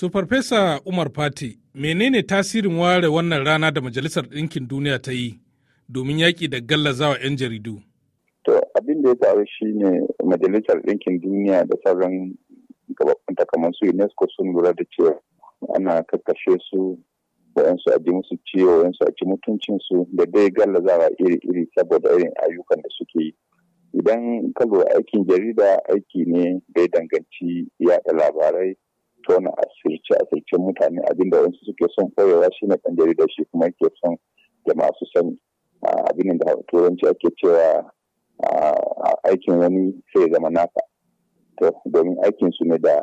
To Farfesa Umar Fati, menene tasirin ware wannan rana da Majalisar Ɗinkin Duniya ta yi domin yaƙi da gallazawa 'yan jaridu? To abin da ya faru shine Majalisar Ɗinkin Duniya da sauran gababanta kamar su UNESCO sun lura da cewa ana kakkashe su wayansu a ji musu ciwo wayansu a ci mutuncinsu da dai gallazawa iri-iri saboda irin ayyukan da suke yi. Idan ka aikin jarida aiki ne bai danganci yaɗa labarai tona a asirce mutane abin da wasu suke son shi ne ɗan jarida shi kuma yake son da masu sani abin da turanci ake cewa aikin wani sai zama naka to domin aikin su ne da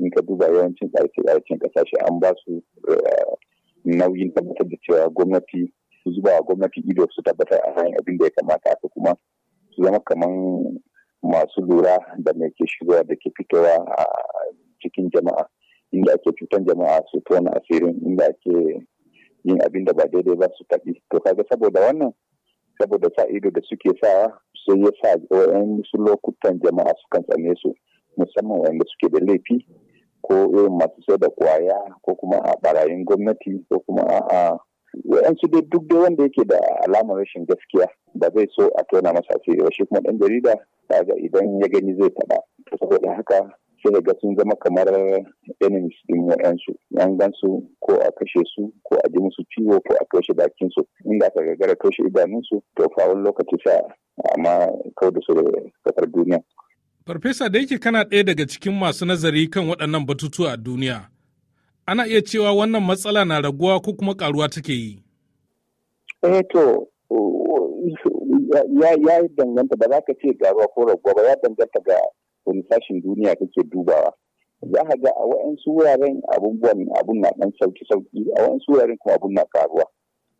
in ka duba yawancin a cikin kasashe an ba su eh, nauyin tabbatar da cewa gwamnati su zuba gwamnati ido su tabbatar a hanyar abin da ya kamata haka kuma su zama kaman masu lura da mai ke shigowa da ke fitowa a cikin jama'a inda ake cutan jama'a su tona asirin inda ake yin abin da ba daidai ba su taɓi to kaga saboda wannan saboda sa ido da suke sa, sai ya sa wasu lokutan jama'a su kan tsane su musamman wanda suke da laifi ko irin masu sai da kwaya ko kuma a barayin gwamnati ko kuma a wayansu dai duk dai wanda yake da alamar rashin gaskiya ba zai so a tona masa asiri ba shi kuma dan jarida kaga idan ya gani zai taɓa saboda haka sai ga sun zama kamar enemies din wa'yansu yan gansu ko a kashe su ko a ji musu ciwo ko a toshe bakin su inda aka gagara toshe idanunsu to fa wani lokaci sa amma kawai da su da kafar duniya. Farfesa da yake kana ɗaya daga cikin masu nazari kan waɗannan batutuwa a duniya. Ana iya cewa wannan matsala na raguwa ko kuma karuwa take yi? Eh to ya danganta ba za ka ce garuwa ko raguwa ba ya danganta ga wani sashin duniya kake dubawa za ka ga a wa'ansu wuraren abubuwan abun na dan sauki sauki a wa'ansu wuraren kuma abun na karuwa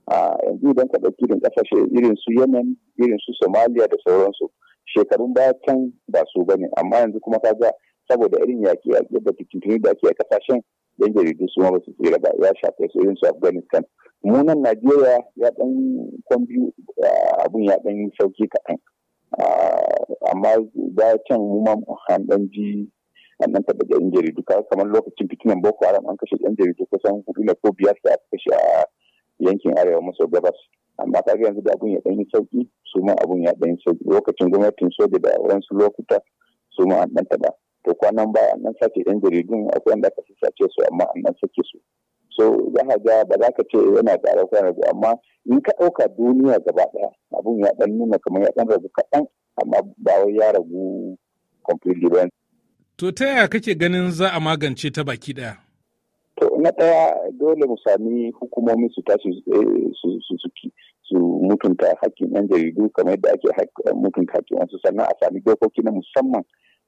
a yanzu idan ka ɗauki irin ƙasashe irin su yemen irin su somalia da sauransu shekarun baya can ba su ba ne amma yanzu kuma ka ga saboda irin yaƙi yaƙi da tuntuni da ake a ƙasashen yan jaridu su ma ba su tsira ba ya shafe su irin su afghanistan mu najeriya ya ɗan kwan biyu abun ya ɗan sauki kaɗan amma da can mu ma an dan ji an dan taɓa yan jaridu kamar lokacin fitinan boko haram an kashe yan jaridu kusan hudu na ko biyar da aka kashe a yankin arewa maso gabas amma kaga yanzu da abun ya ɗan yi sauki su ma abun ya ɗan yi sauki lokacin gwamnatin soja da wasu lokuta su ma an ɗan taɓa to kwanan ba an sace yan jaridun akwai wanda aka sace su amma an ɗan sake su so za ka ga ba za ka ce yana da ko yana amma in ka ɗauka duniya gaba ɗaya abun ya ɗan nuna kamar ya ɗan rabu kaɗan amma ba wai ya ragu completely ba to ta yaya kake ganin za a magance ta baki daya to na daya dole mu sami hukumomi su tashi eh, su mutunta hakkin yan jaridu kamar yadda ake mutunta hakkin wasu sannan a sami dokoki na musamman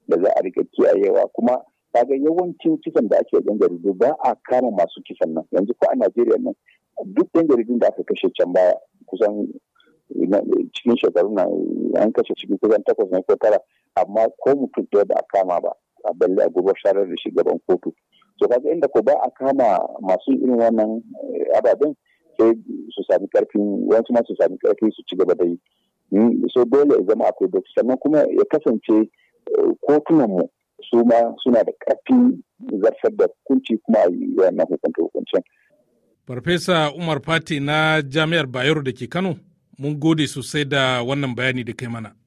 da za a rika kiyayewa kuma kaga yawancin kisan da ake yan jaridu ba a kama masu kisan nan yanzu ko a najeriya nan duk yan jaridun da aka kashe can ba kusan cikin shekaru na an kashe cikin kusan takwas na ko tara amma ko mutum ɗaya ba a kama ba a balle a gobe sharar da gaban kotu to kaga inda ko ba a kama masu irin wannan eh, ababen sai su sami karfi wasu ma su sami karfi su ci gaba da yi hmm, so dole ya zama akwai doki sannan kuma ya kasance eh, kotunanmu su ma suna da karfi zartar da hukunci kuma a yi wannan hukunce-hukuncen. Farfesa Umar Fati na Jami'ar Bayero da ke Kano. mun gode sosai da wannan bayani da kai mana